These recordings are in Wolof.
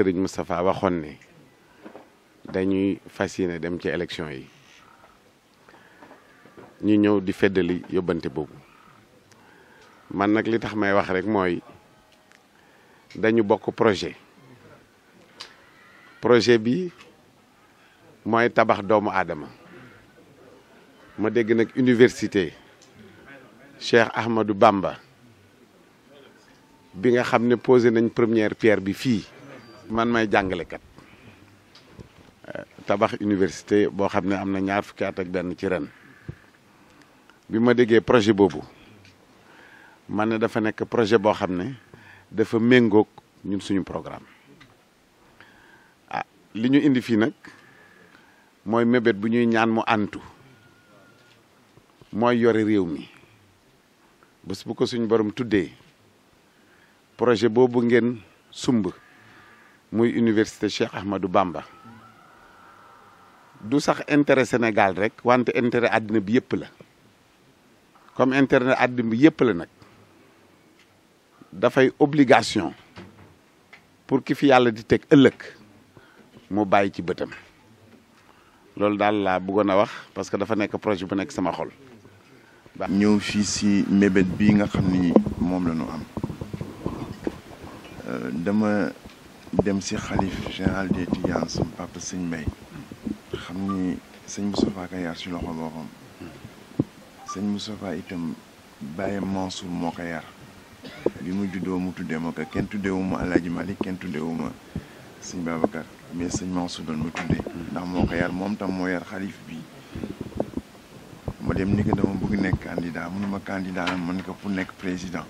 sëriñ Moustapha waxoon ne dañuy fas yéene dem ci élection yi ñu ñëw di feddali yóbbante boobu man nag li tax may wax rek mooy dañu bokk projet projet bi mooy tabax doomu aadama ma dégg nag université Cheikh Ahmadou Bamba bi nga xam ne posé nañ première pierre bi fii man may jàngalekat eh, tabax université boo xam ne am na ñaar fukki at ak benn ci ren bi ma déggee projet boobu man ne dafa nekk projet boo xam ne dafa méngoog ñun suñu programme ah li ñu indi fii nag mooy mébét bu ñuy ñaan mu antu mooy yore réew mi bés bu ko suñu borom tuddee projet boobu ngeen sumb muy université Cheikh Ahmadou Bamba du sax intérêt Sénégal rek wante intérêt àddina bi yëpp la comme intérêt àddina bi yëpp la nag dafay obligation pour ki fi yàlla di teg ëllëg mu bàyyi ci bëtam loolu daal laa buggoon a wax parce que dafa nekk projet bu nekk sama xol. ñëw fii si mébét bii nga xam ni moom la ñu am euh, dama. dem si xalif général des Tidianes sama papa sëñ Mbaye xam ni sëñ Moustapha ka yar si loxo boppam sëñ Moustapha itam bàyyi Mansour moo ko yar bi mu juddoo mu tuddee ma ko kenn tuddeewuma Alaaji Malik kenn tuddeewuma sëñ Babacar mais sëñ Mansour doon ma tuddee ndax moo ko yar moom tam moo yar xalif bi ma dem ni ko dama bëgg nekk candidat mu ne ma candidat la ma ne ko pour nekk président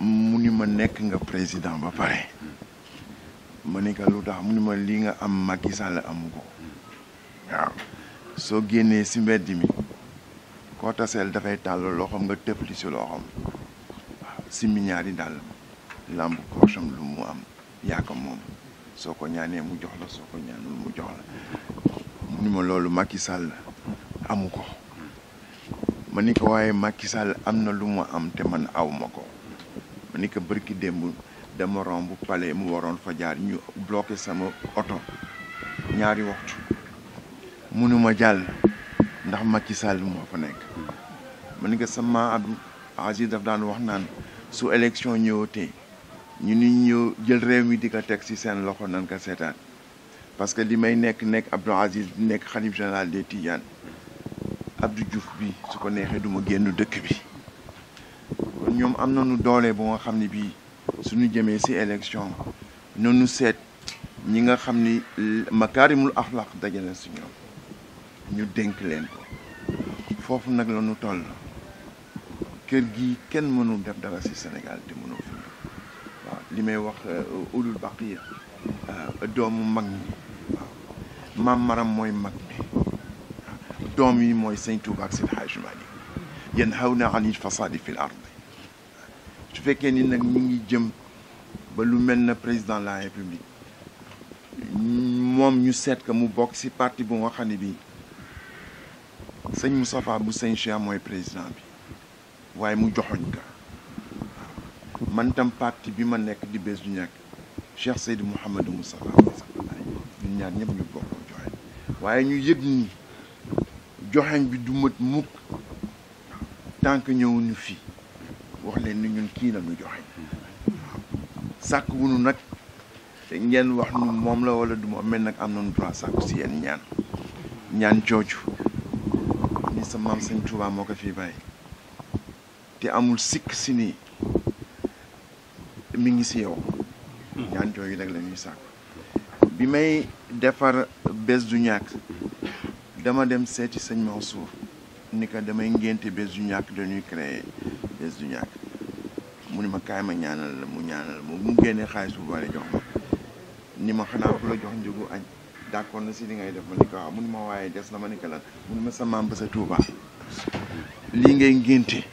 mu ni ma nekk nga président ba pare ma ni ko lu tax mu ni ma li nga am Macky Sall amu ko waaw soo génnee si mbedd dafay tàll loo xam nga tëfli si loo xam daal làmb poosam lu am yaa soo ko ñaanee mu jox la soo jox la mu ni ma loolu amu ko ma ni ko waaye Macky Sall am na lu mu am te man awma ko ni que bërki démb dama romb palais mu waroon fa jaar ñu bloqué sama oto ñaari waxtu mënuma jàll ndax Macky Sall moo ko nekk ma ni que sama Abdou Aziz daf daan wax naan su élection ñëwatee ñu ni ñëw jël réew mi di ko teg ci seen loxo nan ko seetaan parce que li may nekk nekk Abdou Aziz di nekk xalif général des Tidianes Abdou Diouf bi su ko neexee duma génn dëkk bi ñoom am na nu doolee bu nga xam ne bii suñu jëmee ci élection nu seet ñi nga xam ni makaarimul axlaq dajale ci ñoom ñu dénk leen ko foofu nag la nu toll kër gi kenn mënul def dara ci Sénégal te mënoo fi li may wax euh, ulul baqiya euh, doomu mag ñi waaw maam maram mooy mag doom yi mooy sëñ Tuubaa ak seen xaaj Maalik yanhawna anil fasaadi fil ard su fekkee ni nag ñu ngi jëm ba lu mel na président la république moom ñu seet que mu bokk ci parti bu nga xam bi bii sëñ Moustapha bu sëñ Cheikh mooy président bi waaye mu joxoñ ka man tam parti bi ma nekk di bés du ñàkk Cheikh Seydou Mouhamadou Moustapha ñun ñaar ñëpp ñu bokk joxe waaye ñu yëg ni joxeñ bi du mët mukk tant que ñëwuñu fii wax leen ni ñun kii la ñu joxe sàkk wunu nag te ngeen wax nu moom la wala du moom mel nag am nañu droit sàkku si yéen ñaan ñaan coocu ni sa maam Sëñ Tuubaa moo ko fii bàyyi te amul sikk si nii mi ngi si yow ñaan coocu nag la ñuy sàkku bi may defar bés du ñàkk dama dem seeti sëñ Mansour ni ko damay ngénte bés du ñàkk dañuy créer bés du ma kaay ma ñaanal la mu ñaanal ma mu xaalis bu bari jox ni ma la jox njëgu añ d'accord na si li ngay def ma ni ko ma waaye des na ma ni ko lan mu sa maam ba sa ngay ngénte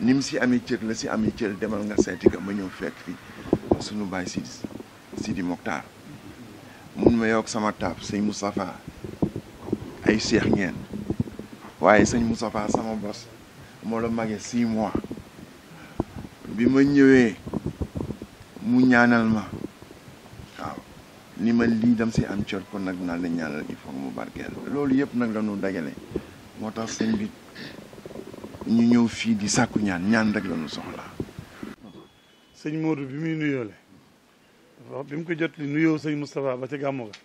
ni mu si amee cër la si amee cër demal nga seeti ko ma ñëw fekk fi sunu baay Sidi Sidi Mokhtar mun ma yokk sama taab sëñ Moustapha ay seex ngeen waaye sëñ Moustapha sama bos moo la magee six mois bi ma ñëwee mu ñaanal ma waaw ni ma lii dem si am cor kon nag naa la ñaanal il mu barkeel loolu yëpp nag la ñu dajale moo tax sëñ bi ñu ñëw fii di sàkku ñaan ñaan rek la ñu soxla sëñ Modou bi muy nuyoole wax bi mu ko jot li nuyoo sëñ Moustapha ba ca gàmmu ga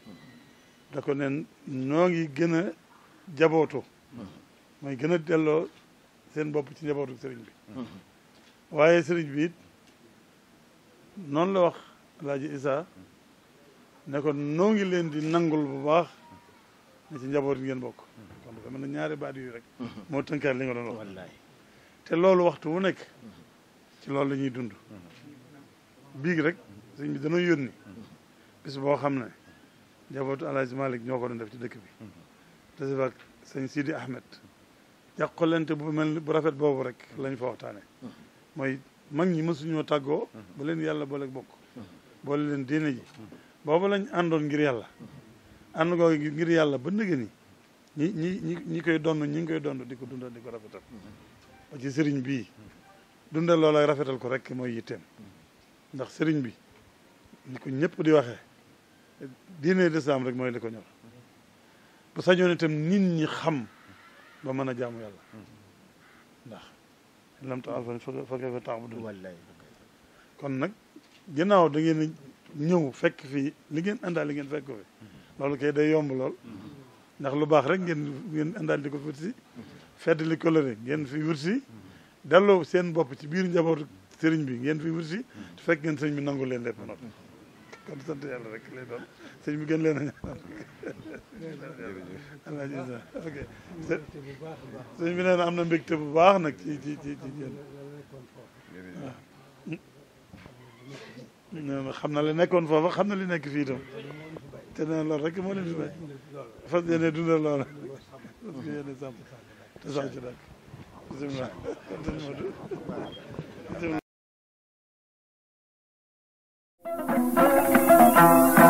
da ko nen noo ngi gën a jabootoo mooy gën a delloo seen bopp ci njabootu sëriñ bi mm-hmm. waaye sëriñ bi it noonu la wax Alaaji Isaa ne ko ngi leen di nangul bu baax ne ci njaboot ngeen bokk mm-hmm. kon dafa mel ne ñaari baat yu rek mm-hmm. moo tënkaat li nga doon wax te loolu waxtu wu nekk ci loolu la ñuy dund biig rek sëriñ bi dana yónni bis boo xam ne njabootu Alaaji Malick ñoo ko doon def ci dëkk bi te si ak sëñ Sidi Ahmed ko jàqalante bu mel bu rafet boobu rek lañ fa waxtaane mm-hmm. mooy mag ñi mësuñoo tàggoo mm-hmm. ba leen yàlla booleeg bokk mm-hmm. boole leen diine ji boobu lañ àndoon ngir yàlla ànd googu ngir yàlla ba ndëgë ni ñi ñi ñi ñi koy donn ñi ngi koy donn di ko dundal di ko rafetal ba ci sëriñ bii dundal loola rafetal ko rek mooy yitteem ndax sëriñ bi ni ko ñëpp di waxee diine lislaam rek mooy di ko ñor bu sañoon itam nit ñi xam ba mën a jaamu yàlla hmm. ndax lam ta alfani fakay kon nag ginnaaw da ngeen ñëw fekk fii li ngeen àndaal li ngeen fekk fi hmm. loolu kay day yomb lool hmm. ndax lu baax rek ngeen ngeen àndaal di ko wërsi fedd li coloré ngeen fi wërsi delloo seen bopp ci biir njaboot sëriñ bi ngeen fi wërsi te fekk ngeen sëriñ bi nangu leen lépp noppi kon sant yàlla rek lay doon sëñ bi gën leen a ñaanal alhamdulilah ok sëñ bi nee na am na mbégte bu baax nag ci ci ci ci yéen waaw na li nekkoon foofa xam na li nekk fii itam te na loolu rek moo leen fi fas yéene dundal loola fas yéene sàmm te sax ci daal bisimilah kon sëñ Modou Thank you.